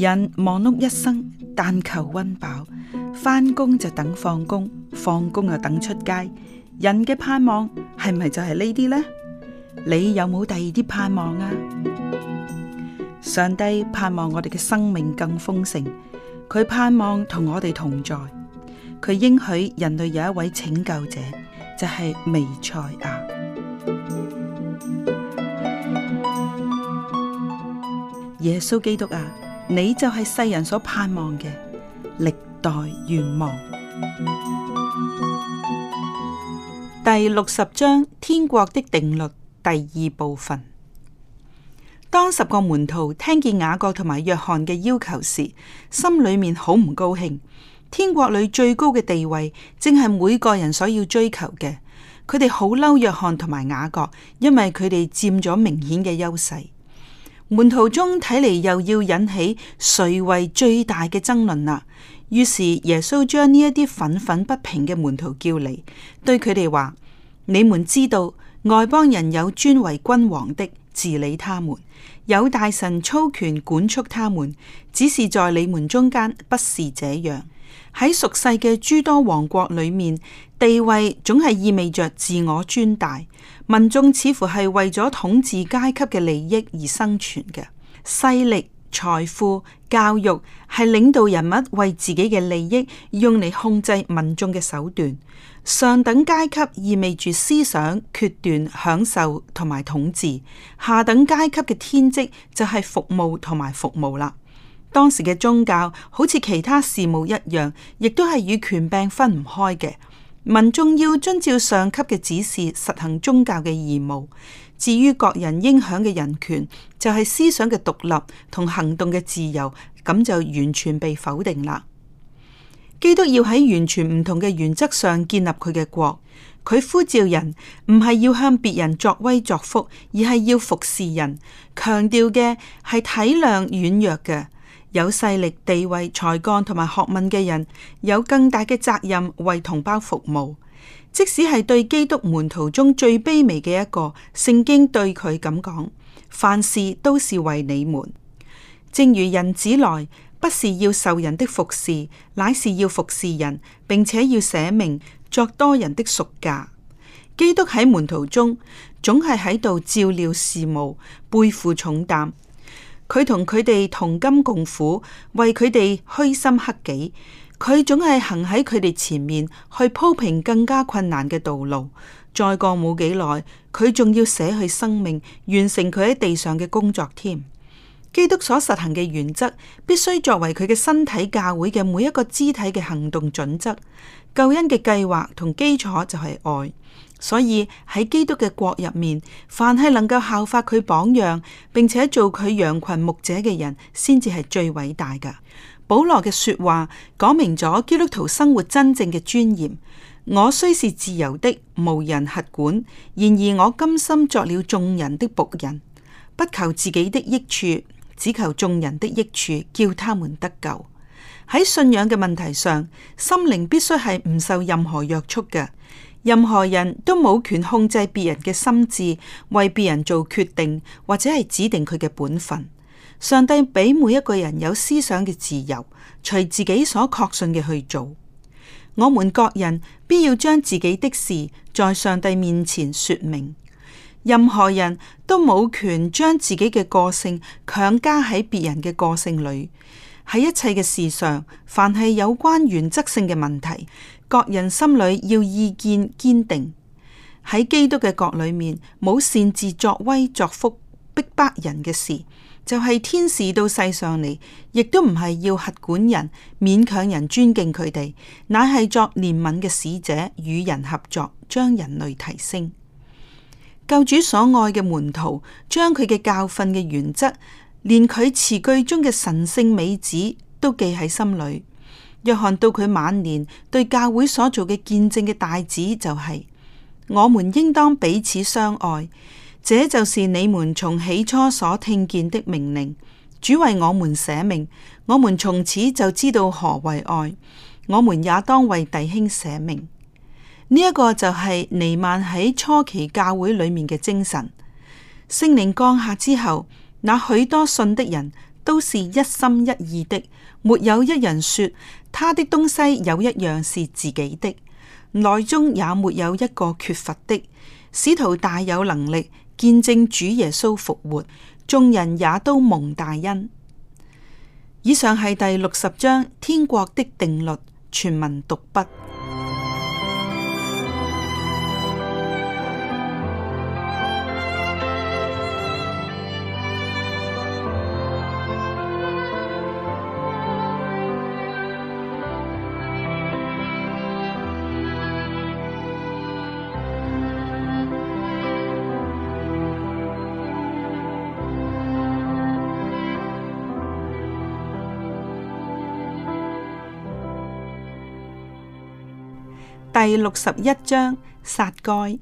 人忙碌一生，但求溫飽，翻工就等放工，放工又等出街。人嘅盼望係咪就係呢啲呢？你有冇第二啲盼望啊？上帝盼望我哋嘅生命更豐盛，佢盼望同我哋同在，佢應許人類有一位拯救者，就係彌賽亞，耶穌基督啊！你就係世人所盼望嘅歷代願望。第六十章，天國的定律第二部分。當十個門徒聽見雅各同埋約翰嘅要求時，心裏面好唔高興。天國裏最高嘅地位，正係每個人所要追求嘅。佢哋好嬲約翰同埋雅各，因為佢哋佔咗明顯嘅優勢。門徒中睇嚟又要引起誰為最大嘅爭論啦，於是耶穌將呢一啲忿忿不平嘅門徒叫嚟，對佢哋話：你們知道，外邦人有尊為君王的治理他們，有大臣操權管束他們，只是在你們中間，不是這樣。喺俗世嘅諸多王國裏面，地位總係意味着自我尊大。民眾似乎係為咗統治階級嘅利益而生存嘅，勢力、財富、教育係領導人物為自己嘅利益用嚟控制民眾嘅手段。上等階級意味住思想、決斷、享受同埋統治，下等階級嘅天職就係服務同埋服務啦。當時嘅宗教好似其他事務一樣，亦都係與權柄分唔開嘅。民眾要遵照上級嘅指示實行宗教嘅義務，至於各人應享嘅人權，就係思想嘅獨立同行動嘅自由，咁就完全被否定啦。基督要喺完全唔同嘅原則上建立佢嘅國，佢呼召人唔係要向別人作威作福，而係要服侍人，強調嘅係體諒軟弱嘅。有勢力、地位、才幹同埋學問嘅人，有更大嘅責任為同胞服務。即使係對基督門徒中最卑微嘅一個，聖經對佢咁講：凡事都是為你們。正如人子來，不是要受人的服侍，乃是要服侍人，並且要捨命作多人的贖價。基督喺門徒中，總係喺度照料事務，背負重擔。佢同佢哋同甘共苦，為佢哋虛心克己。佢總係行喺佢哋前面，去鋪平更加困難嘅道路。再過冇幾耐，佢仲要捨去生命，完成佢喺地上嘅工作添。基督所實行嘅原則，必須作為佢嘅身體教會嘅每一個肢體嘅行動準則。救恩嘅計劃同基礎就係愛。所以喺基督嘅國入面，凡係能夠效法佢榜樣，並且做佢羊群牧者嘅人，先至係最偉大㗎。保羅嘅說話講明咗基督徒生活真正嘅尊嚴。我雖是自由的，無人轄管，然而我甘心作了眾人的僕人，不求自己的益處，只求眾人的益處，叫他們得救。喺信仰嘅問題上，心靈必須係唔受任何約束嘅。任何人都冇權控制別人嘅心智，為別人做決定，或者係指定佢嘅本分。上帝俾每一個人有思想嘅自由，隨自己所確信嘅去做。我們各人必要將自己的事在上帝面前說明。任何人都冇權將自己嘅個性強加喺別人嘅個性裏。喺一切嘅事上，凡係有關原則性嘅問題，各人心裏要意見堅定。喺基督嘅國裏面，冇擅自作威作福逼迫人嘅事，就係、是、天使到世上嚟，亦都唔係要轄管人，勉強人尊敬佢哋，乃係作憐憫嘅使者，與人合作，將人類提升。救主所愛嘅門徒，將佢嘅教訓嘅原則。連佢詞句中嘅神聖美旨都記喺心裏。約翰到佢晚年對教會所做嘅見證嘅大旨就係、是：我們應當彼此相愛，這就是你們從起初所聽見的命令。主為我們捨命，我們從此就知道何為愛。我們也當為弟兄捨命。呢、這、一個就係彌漫喺初期教會裏面嘅精神。聖靈降下之後。那許多信的人都是一心一意的，沒有一人說他的東西有一樣是自己的，內中也沒有一個缺乏的。使徒大有能力見證主耶穌復活，眾人也都蒙大恩。以上係第六十章天國的定律全文讀畢。第六十一章，撒該，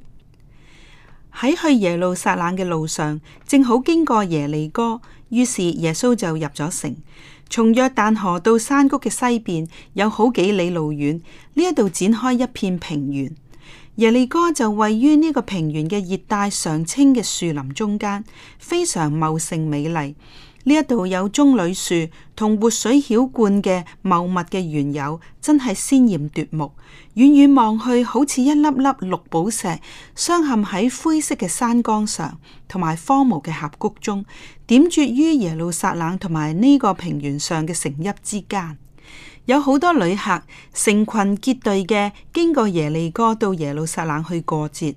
喺去耶路撒冷嘅路上，正好經過耶利哥，於是耶穌就入咗城。從約旦河到山谷嘅西邊有好幾里路遠，呢一度展開一片平原。耶利哥就位於呢個平原嘅熱帶常青嘅樹林中間，非常茂盛美麗。呢一度有棕櫚樹同活水澆灌嘅茂密嘅園囿，真係鮮艷奪目。遠遠望去，好似一粒粒綠寶石，鑲嵌喺灰色嘅山崗上，同埋荒蕪嘅峽谷中，點綴於耶路撒冷同埋呢個平原上嘅城邑之間。有好多旅客成群結隊嘅經過耶利哥到耶路撒冷去過節。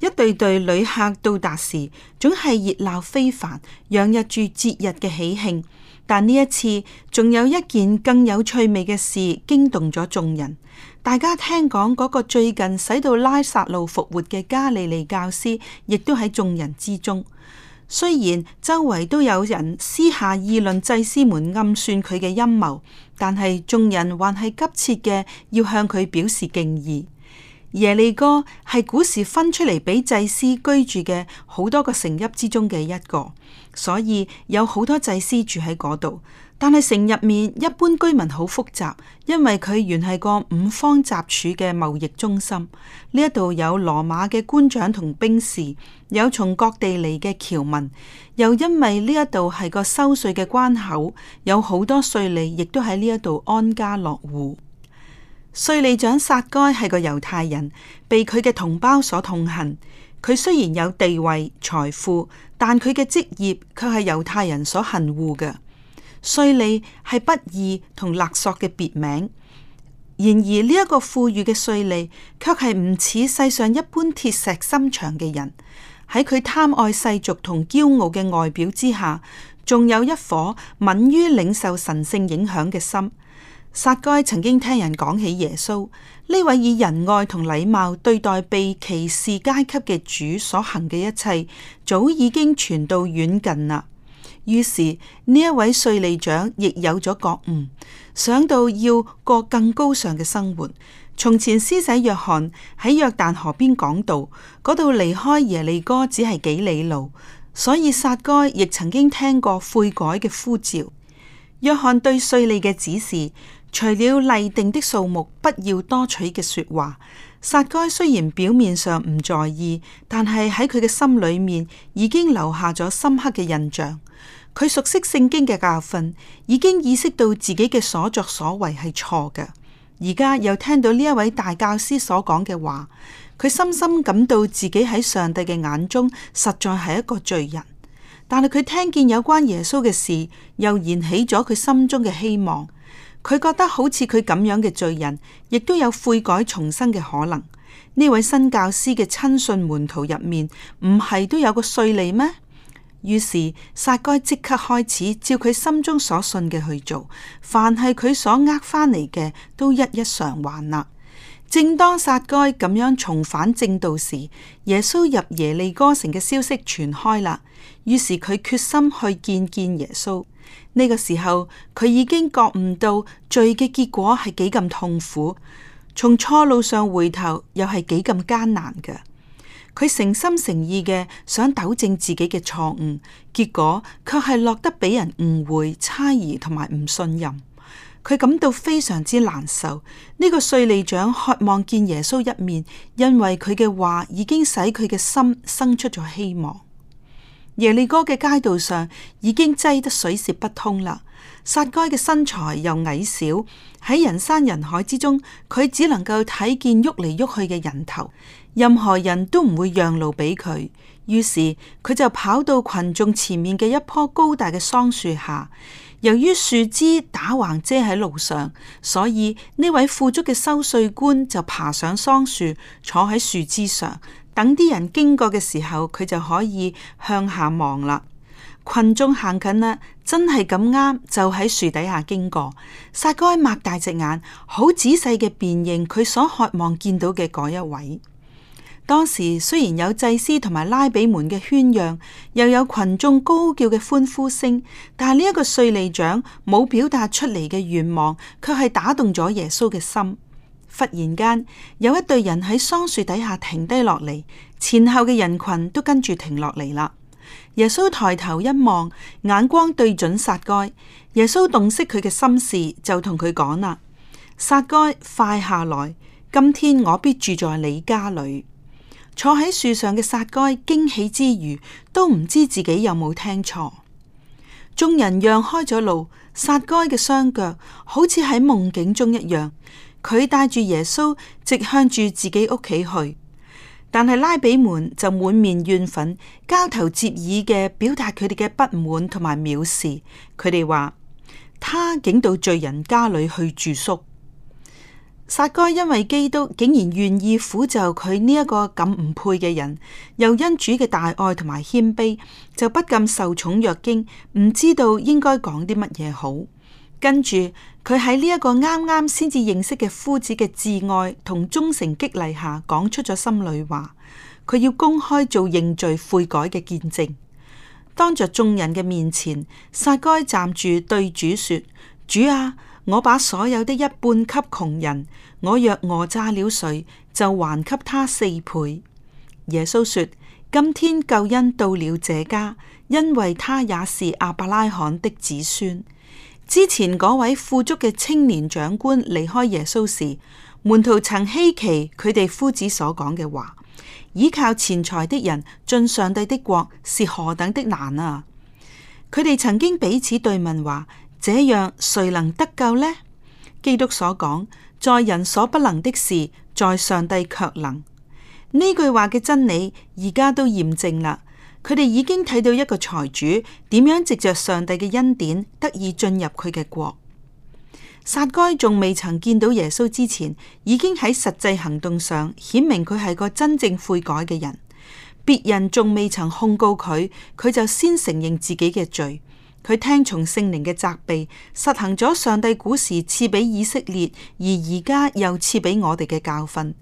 一對對旅客到達時，總係熱鬧非凡，洋溢住節日嘅喜慶。但呢一次，仲有一件更有趣味嘅事驚動咗眾人。大家聽講嗰個最近使到拉撒路復活嘅加利利教師，亦都喺眾人之中。雖然周圍都有人私下議論祭司們暗算佢嘅陰謀，但係眾人還係急切嘅要向佢表示敬意。耶利哥係古時分出嚟俾祭司居住嘅好多個城邑之中嘅一個，所以有好多祭司住喺嗰度。但係城入面一般居民好複雜，因為佢原係個五方雜處嘅貿易中心。呢一度有羅馬嘅官長同兵士，有從各地嚟嘅僑民，又因為呢一度係個收稅嘅關口，有好多稅吏亦都喺呢一度安家落戶。稅吏長撒該係個猶太人，被佢嘅同胞所痛恨。佢雖然有地位、財富，但佢嘅職業卻係猶太人所恨惡嘅。稅吏係不義同勒索嘅別名。然而呢一個富裕嘅稅吏，卻係唔似世上一般鐵石心腸嘅人。喺佢貪愛世俗同驕傲嘅外表之下，仲有一顆敏於領受神聖影響嘅心。撒該曾經聽人講起耶穌呢位以仁愛同禮貌對待被歧視階級嘅主所行嘅一切，早已經傳到遠近啦。於是呢一位稅吏長亦有咗覺悟，想到要過更高尚嘅生活。從前施洗約翰喺約旦河邊講道，嗰度離開耶利哥只係幾里路，所以撒該亦曾經聽過悔改嘅呼召。約翰對稅吏嘅指示。除了例定的數目，不要多取嘅說話，撒該雖然表面上唔在意，但係喺佢嘅心裏面已經留下咗深刻嘅印象。佢熟悉聖經嘅教訓，已經意識到自己嘅所作所為係錯嘅。而家又聽到呢一位大教師所講嘅話，佢深深感到自己喺上帝嘅眼中實在係一個罪人。但係佢聽見有關耶穌嘅事，又燃起咗佢心中嘅希望。佢覺得好似佢咁樣嘅罪人，亦都有悔改重生嘅可能。呢位新教師嘅親信門徒入面，唔係都有個稅吏咩？於是撒該即刻開始照佢心中所信嘅去做，凡係佢所呃返嚟嘅，都一一償還啦。正當撒該咁樣重返正道時，耶穌入耶利哥城嘅消息傳開啦。於是佢決心去見見耶穌。呢、這個時候，佢已經覺悟到罪嘅結果係幾咁痛苦，從錯路上回頭又係幾咁艱難嘅。佢誠心誠意嘅想糾正自己嘅錯誤，結果卻係落得俾人誤會、猜疑同埋唔信任。佢感到非常之難受，呢、這個稅吏長渴望見耶穌一面，因為佢嘅話已經使佢嘅心生出咗希望。耶利哥嘅街道上已經擠得水泄不通啦，撒該嘅身材又矮小，喺人山人海之中，佢只能夠睇見喐嚟喐去嘅人頭，任何人都唔會讓路俾佢。於是佢就跑到群眾前面嘅一棵高大嘅桑樹下。由於樹枝打橫遮喺路上，所以呢位富足嘅收稅官就爬上桑樹，坐喺樹枝上，等啲人經過嘅時候，佢就可以向下望啦。群眾行近啦，真係咁啱就喺樹底下經過，撒該擘大隻眼，好仔細嘅辨認佢所渴望見到嘅嗰一位。當時雖然有祭司同埋拉比們嘅喧嚷，又有群眾高叫嘅歡呼聲，但係呢一個稅吏長冇表達出嚟嘅願望，卻係打動咗耶穌嘅心。忽然間，有一隊人喺桑樹底下停低落嚟，前後嘅人群都跟住停落嚟啦。耶穌抬頭一望，眼光對準撒該。耶穌洞悉佢嘅心事，就同佢講啦：「撒該，快下來！今天我必住在你家裏。坐喺樹上嘅撒該驚喜之餘，都唔知自己有冇聽錯。眾人讓開咗路，撒該嘅雙腳好似喺夢境中一樣。佢帶住耶穌，直向住自己屋企去。但係拉比們就滿面怨憤，交頭接耳嘅表達佢哋嘅不滿同埋藐視。佢哋話：「他竟到罪人家裏去住宿。」撒該因為基督竟然願意俯就佢呢一個咁唔配嘅人，又因主嘅大愛同埋謙卑，就不禁受寵若驚，唔知道應該講啲乜嘢好。跟住佢喺呢一個啱啱先至認識嘅夫子嘅摯愛同忠誠激勵下，講出咗心裏話，佢要公開做認罪悔改嘅見證，當着眾人嘅面前，撒該站住對主說：主啊！我把所有的一半給窮人，我若訛詐了誰，就還給他四倍。耶穌說：今天救恩到了這家，因為他也是亞伯拉罕的子孫。之前嗰位富足嘅青年長官離開耶穌時，門徒曾希奇佢哋夫子所講嘅話：倚靠錢財的人進上帝的國是何等的難啊！佢哋曾經彼此對問話。這樣誰能得救呢？基督所講，在人所不能的事，在上帝卻能。呢句話嘅真理而家都驗證啦。佢哋已經睇到一個財主點樣藉着上帝嘅恩典得以進入佢嘅國。撒該仲未曾見到耶穌之前，已經喺實際行動上顯明佢係個真正悔改嘅人。別人仲未曾控告佢，佢就先承認自己嘅罪。佢聽從聖靈嘅責備，實行咗上帝古時賜俾以色列，而而家又賜俾我哋嘅教訓。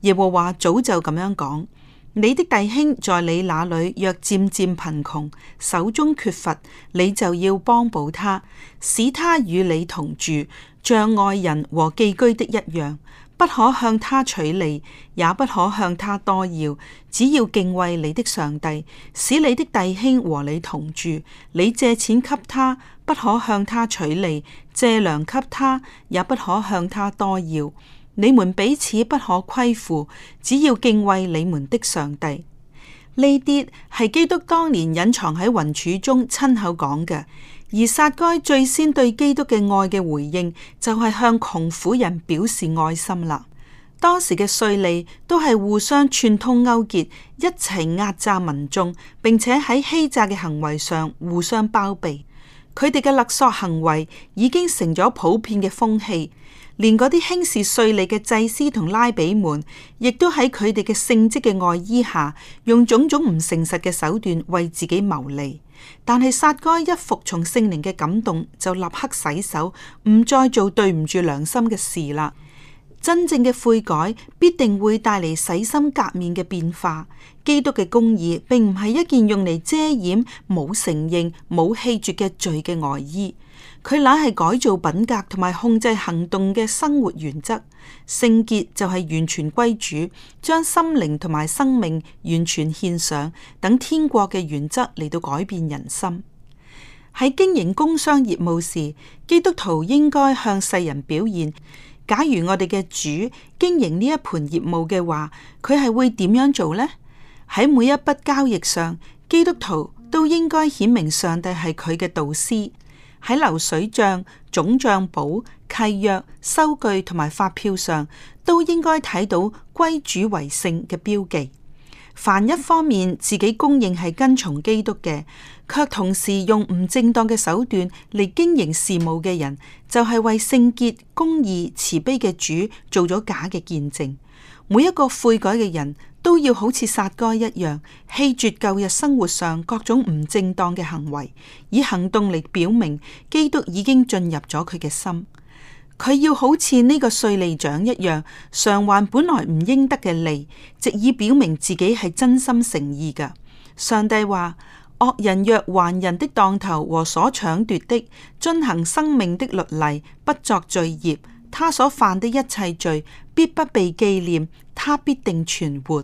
耶和華早就咁樣講：「你的弟兄在你那裏若漸漸貧窮，手中缺乏，你就要幫補他，使他與你同住，像外人和寄居的一樣。不可向他取利，也不可向他多要。只要敬畏你的上帝，使你的弟兄和你同住。你借錢給他，不可向他取利；借糧給他，也不可向他多要。你們彼此不可虧負，只要敬畏你們的上帝。呢啲係基督當年隱藏喺雲柱中親口講嘅。而撒該最先對基督嘅愛嘅回應，就係、是、向窮苦人表示愛心啦。當時嘅稅吏都係互相串通勾結，一齊壓榨民眾，並且喺欺詐嘅行為上互相包庇。佢哋嘅勒索行為已經成咗普遍嘅風氣，連嗰啲輕視稅吏嘅祭司同拉比們，亦都喺佢哋嘅聖職嘅外衣下，用種種唔誠實嘅手段為自己牟利。但係，撒該一服從聖靈嘅感動，就立刻洗手，唔再做對唔住良心嘅事啦。真正嘅悔改必定會帶嚟洗心革面嘅變化。基督嘅公義並唔係一件用嚟遮掩冇承認冇棄絕嘅罪嘅外衣，佢乃係改造品格同埋控制行動嘅生活原則。聖潔就係完全歸主，將心靈同埋生命完全獻上，等天國嘅原則嚟到改變人心。喺經營工商業務時，基督徒應該向世人表現。假如我哋嘅主經營呢一盤業務嘅話，佢係會點樣做呢？喺每一筆交易上，基督徒都應該顯明上帝係佢嘅導師。喺流水賬、總賬簿、契約、收據同埋發票上，都應該睇到歸主爲聖嘅標記。凡一方面自己公認係跟從基督嘅，卻同時用唔正當嘅手段嚟經營事務嘅人，就係、是、為聖潔、公義、慈悲嘅主做咗假嘅見證。每一個悔改嘅人都要好似撒該一樣，棄絕舊日生活上各種唔正當嘅行為，以行動嚟表明基督已經進入咗佢嘅心。佢要好似呢個稅吏長一樣，償還本來唔應得嘅利，直以表明自己係真心誠意嘅。上帝話：惡人若還人的當頭和所搶奪的，遵行生命的律例，不作罪孽，他所犯的一切罪必不被紀念，他必定存活。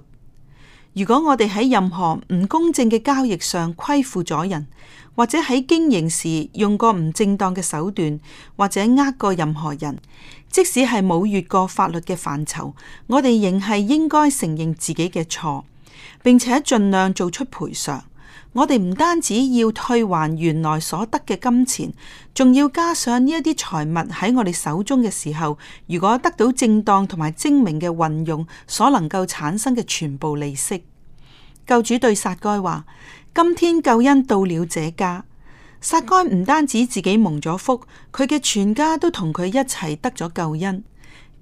如果我哋喺任何唔公正嘅交易上虧負咗人，或者喺經營時用過唔正當嘅手段，或者呃過任何人，即使係冇越過法律嘅範疇，我哋仍係應該承認自己嘅錯，並且盡量做出賠償。我哋唔單止要退還原來所得嘅金錢，仲要加上呢一啲財物喺我哋手中嘅時候，如果得到正當同埋精明嘅運用，所能夠產生嘅全部利息。救主對撒該話：今天救恩到了這家。撒該唔單止自己蒙咗福，佢嘅全家都同佢一齊得咗救恩。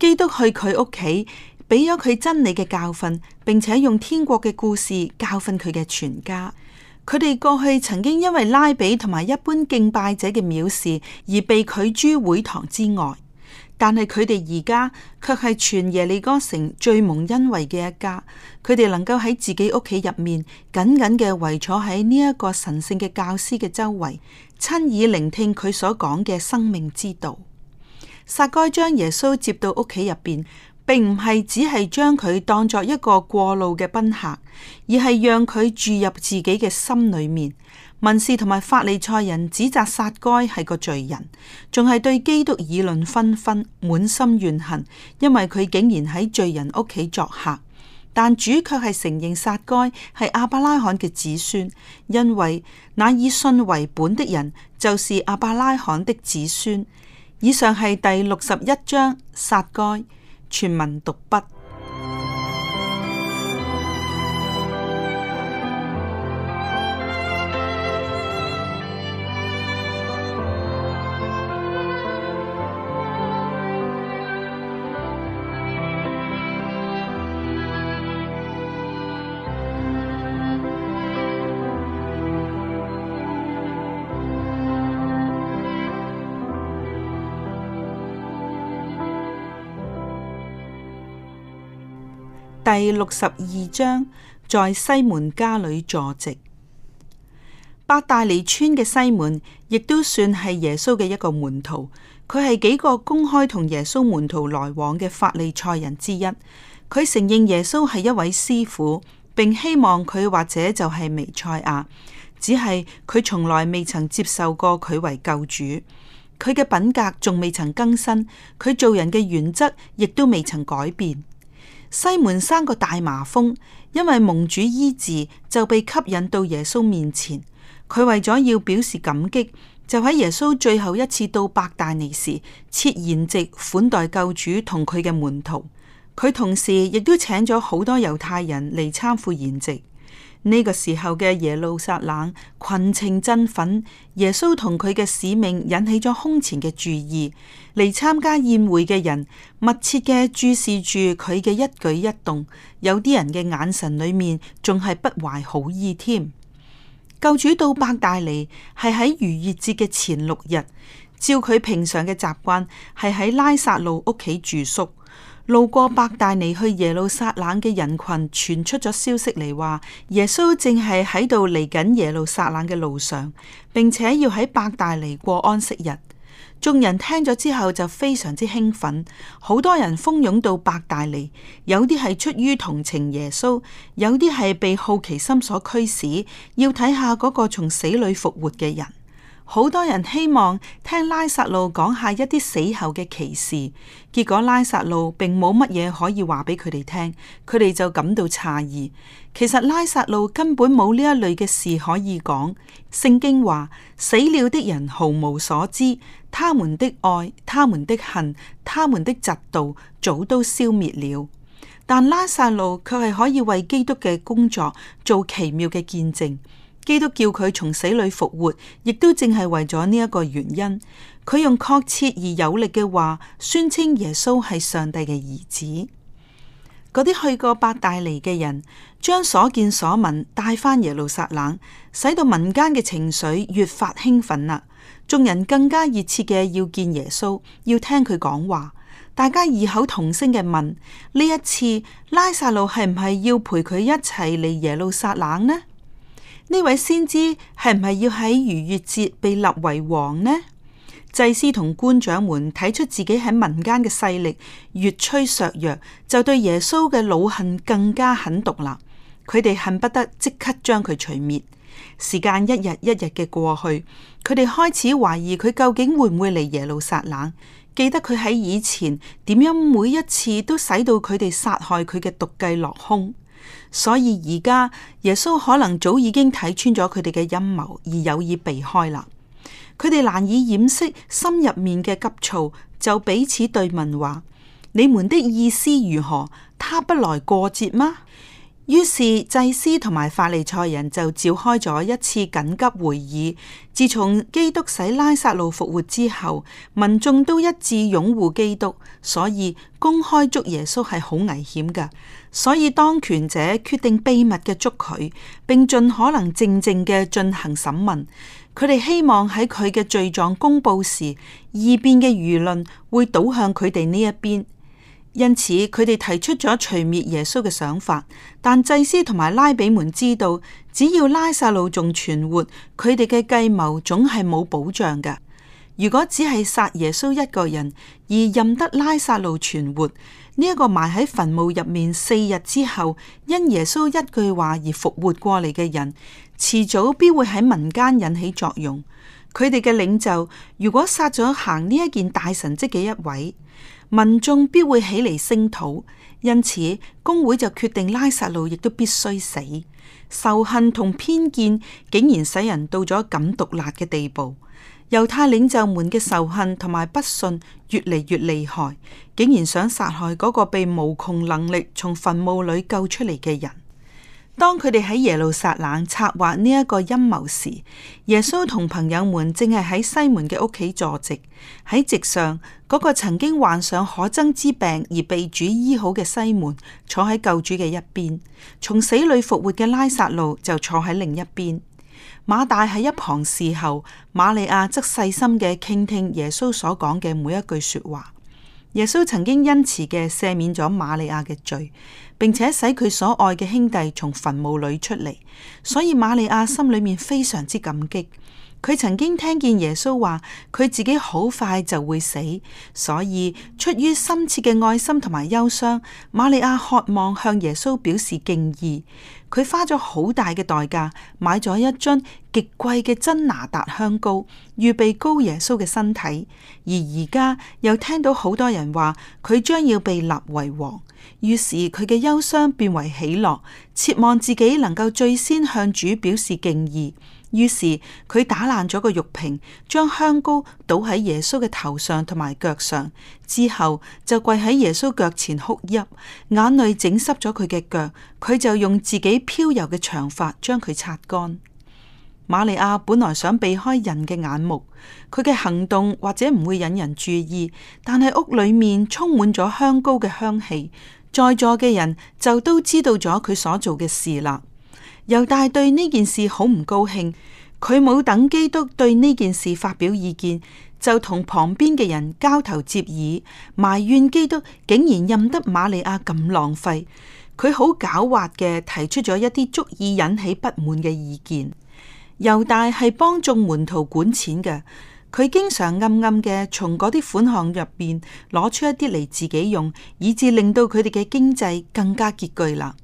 基督去佢屋企，俾咗佢真理嘅教訓，並且用天國嘅故事教訓佢嘅全家。佢哋過去曾經因為拉比同埋一般敬拜者嘅藐視而被拒諸會堂之外，但係佢哋而家卻係全耶利哥城最蒙恩惠嘅一家。佢哋能夠喺自己屋企入面緊緊嘅圍坐喺呢一個神聖嘅教師嘅周圍，親耳聆聽佢所講嘅生命之道。撒該將耶穌接到屋企入邊。並唔係只係將佢當作一個過路嘅賓客，而係讓佢住入自己嘅心裏面。文士同埋法利賽人指責撒該係個罪人，仲係對基督議論紛紛，滿心怨恨，因為佢竟然喺罪人屋企作客。但主卻係承認撒該係亞伯拉罕嘅子孫，因為那以信為本的人就是亞伯拉罕的子孫。以上係第六十一章撒該。全民讀筆。第六十二章，在西門家裏坐席。伯大尼村嘅西門，亦都算係耶穌嘅一個門徒。佢係幾個公開同耶穌門徒來往嘅法利賽人之一。佢承認耶穌係一位師傅，並希望佢或者就係彌賽亞，只係佢從來未曾接受過佢為救主。佢嘅品格仲未曾更新，佢做人嘅原則亦都未曾改變。西門生個大麻風，因為蒙主醫治，就被吸引到耶穌面前。佢為咗要表示感激，就喺耶穌最後一次到伯大尼時設筵席款待救主同佢嘅門徒。佢同時亦都請咗好多猶太人嚟參赴筵席。呢個時候嘅耶路撒冷群情振奮，耶穌同佢嘅使命引起咗空前嘅注意。嚟參加宴會嘅人密切嘅注視住佢嘅一舉一動，有啲人嘅眼神裏面仲係不懷好意添。救主到伯大尼係喺逾越節嘅前六日，照佢平常嘅習慣係喺拉撒路屋企住宿。路過伯大尼去耶路撒冷嘅人群傳出咗消息嚟，話耶穌正係喺度嚟緊耶路撒冷嘅路上，並且要喺伯大尼過安息日。眾人聽咗之後就非常之興奮，好多人蜂擁到伯大尼，有啲係出於同情耶穌，有啲係被好奇心所驅使，要睇下嗰個從死裏復活嘅人。好多人希望聽拉撒路講一下一啲死後嘅奇事，結果拉撒路並冇乜嘢可以話俾佢哋聽，佢哋就感到詫異。其實拉撒路根本冇呢一類嘅事可以講。聖經話死了的人毫無所知，他們的愛、他們的恨、他們的嫉妒，早都消滅了。但拉撒路卻係可以為基督嘅工作做奇妙嘅見證。基督叫佢從死裏復活，亦都正係為咗呢一個原因。佢用確切而有力嘅話宣稱耶穌係上帝嘅兒子。嗰啲去過伯大尼嘅人，將所見所聞帶返耶路撒冷，使到民間嘅情緒越發興奮啦。眾人更加熱切嘅要見耶穌，要聽佢講話。大家異口同聲嘅問：呢一次拉撒路係唔係要陪佢一齊嚟耶路撒冷呢？呢位先知係唔係要喺逾越節被立為王呢？祭司同官長們睇出自己喺民間嘅勢力越趨削弱，就對耶穌嘅老恨更加狠毒啦。佢哋恨不得即刻將佢除滅。時間一日一日嘅過去，佢哋開始懷疑佢究竟會唔會嚟耶路撒冷。記得佢喺以前點樣每一次都使到佢哋殺害佢嘅毒計落空。所以而家耶穌可能早已經睇穿咗佢哋嘅陰謀，而有意避開啦。佢哋難以掩飾心入面嘅急躁，就彼此對問話：你們的意思如何？他不來過節嗎？於是祭司同埋法利賽人就召開咗一次緊急會議。自從基督使拉撒路復活之後，民眾都一致擁護基督，所以公開捉耶穌係好危險嘅。所以當權者決定秘密嘅捉佢，並盡可能靜靜嘅進行審問。佢哋希望喺佢嘅罪狀公佈時，異變嘅輿論會倒向佢哋呢一邊。因此，佢哋提出咗除滅耶穌嘅想法。但祭司同埋拉比們知道，只要拉撒路仲存活，佢哋嘅計謀總係冇保障嘅。如果只係殺耶穌一個人，而任得拉撒路存活，呢、這、一個埋喺墳墓入面四日之後，因耶穌一句話而復活過嚟嘅人，遲早必會喺民間引起作用。佢哋嘅領袖如果殺咗行呢一件大神蹟嘅一位，民眾必會起嚟聲討，因此公會就決定拉撒路亦都必須死。仇恨同偏見竟然使人到咗咁毒辣嘅地步，猶太領袖們嘅仇恨同埋不信越嚟越厲害，竟然想殺害嗰個被無窮能力從墳墓裏救出嚟嘅人。當佢哋喺耶路撒冷策劃呢一個陰謀時，耶穌同朋友們正係喺西門嘅屋企坐席。喺席上，嗰個曾經患上可憎之病而被主醫好嘅西門坐喺救主嘅一邊，從死裏復活嘅拉撒路就坐喺另一邊。馬大喺一旁侍候，瑪利亞則細心嘅傾聽耶穌所講嘅每一句說話。耶穌曾經恩慈嘅赦免咗瑪利亞嘅罪。並且使佢所愛嘅兄弟從墳墓裏出嚟，所以瑪利亞心裏面非常之感激。佢曾經聽見耶穌話佢自己好快就會死，所以出於深切嘅愛心同埋憂傷，瑪利亞渴望向耶穌表示敬意。佢花咗好大嘅代價買咗一樽極貴嘅珍拿達香膏，預備膏耶穌嘅身體。而而家又聽到好多人話佢將要被立為王。於是佢嘅憂傷變為喜樂，切望自己能夠最先向主表示敬意。於是佢打爛咗個玉瓶，將香膏倒喺耶穌嘅頭上同埋腳上，之後就跪喺耶穌腳前哭泣，眼淚整濕咗佢嘅腳，佢就用自己飄柔嘅長髮將佢擦乾。瑪利亞本來想避開人嘅眼目，佢嘅行動或者唔會引人注意。但係屋裏面充滿咗香膏嘅香氣，在座嘅人就都知道咗佢所做嘅事啦。猶大對呢件事好唔高興，佢冇等基督對呢件事發表意見，就同旁邊嘅人交頭接耳，埋怨基督竟然任得瑪利亞咁浪費。佢好狡猾嘅提出咗一啲足以引起不滿嘅意見。猶大係幫眾門徒管錢嘅，佢經常暗暗嘅從嗰啲款項入邊攞出一啲嚟自己用，以至令到佢哋嘅經濟更加拮據啦。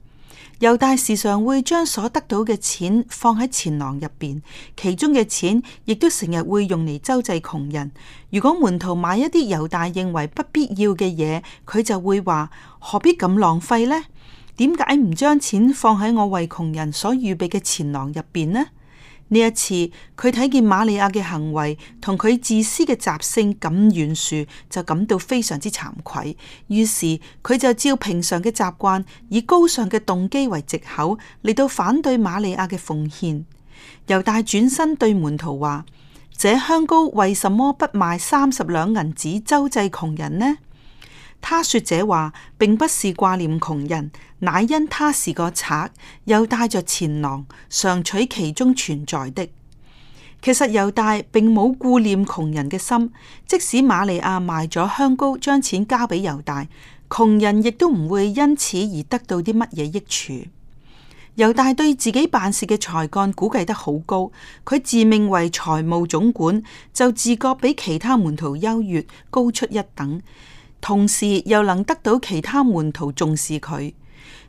猶大時常會將所得到嘅錢放喺錢囊入邊，其中嘅錢亦都成日會用嚟周濟窮人。如果門徒買一啲猶大認為不必要嘅嘢，佢就會話：何必咁浪費呢？點解唔將錢放喺我為窮人所預備嘅錢囊入邊呢？呢一次，佢睇見瑪利亞嘅行為同佢自私嘅習性咁懸殊，就感到非常之慚愧。於是佢就照平常嘅習慣，以高尚嘅動機為藉口嚟到反對瑪利亞嘅奉獻。猶大轉身對門徒話：「這香膏為什麼不賣三十兩銀子周濟窮人呢？」他說這話並不是掛念窮人，乃因他是個賊，又帶着錢囊，常取其中存在的。其實猶大並冇顧念窮人嘅心，即使瑪利亞賣咗香膏，將錢交俾猶大，窮人亦都唔會因此而得到啲乜嘢益處。猶大對自己辦事嘅才幹估計得好高，佢自命為財務總管，就自覺比其他門徒優越，高出一等。同時又能得到其他門徒重視佢，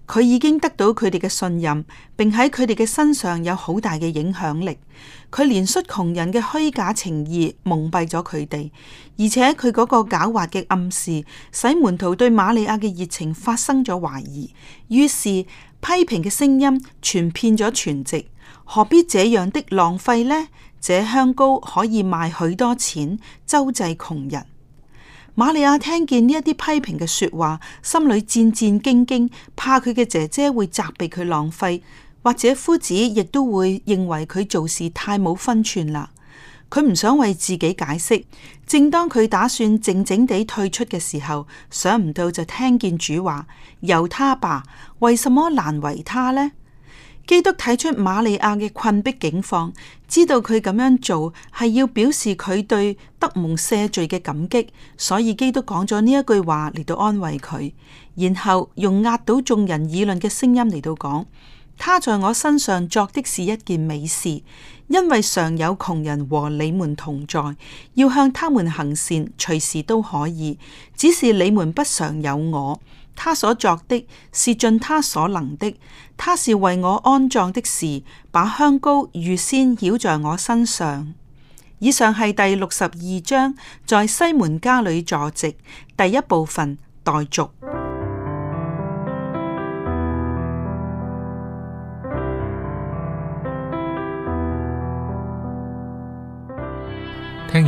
佢已經得到佢哋嘅信任，並喺佢哋嘅身上有好大嘅影響力。佢憐恤窮人嘅虛假情意蒙蔽咗佢哋，而且佢嗰個狡猾嘅暗示，使門徒對瑪利亞嘅熱情發生咗懷疑。於是批評嘅聲音傳遍咗全席，何必這樣的浪費呢？這香膏可以賣許多錢，周濟窮人。瑪利亞聽見呢一啲批評嘅說話，心裏戰戰兢兢，怕佢嘅姐姐會責備佢浪費，或者夫子亦都會認為佢做事太冇分寸啦。佢唔想為自己解釋。正當佢打算靜靜地退出嘅時候，想唔到就聽見主話：由他吧，為什麼難為他呢？基督睇出瑪利亞嘅困迫境況，知道佢咁樣做係要表示佢對德蒙赦罪嘅感激，所以基督講咗呢一句話嚟到安慰佢，然後用壓倒眾人議論嘅聲音嚟到講。他在我身上作的是一件美事，因為常有窮人和你們同在，要向他們行善，隨時都可以。只是你們不常有我。他所作的是盡他所能的。他是為我安葬的事，把香膏預先繞在我身上。以上係第六十二章，在西門家裏坐席第一部分待續。代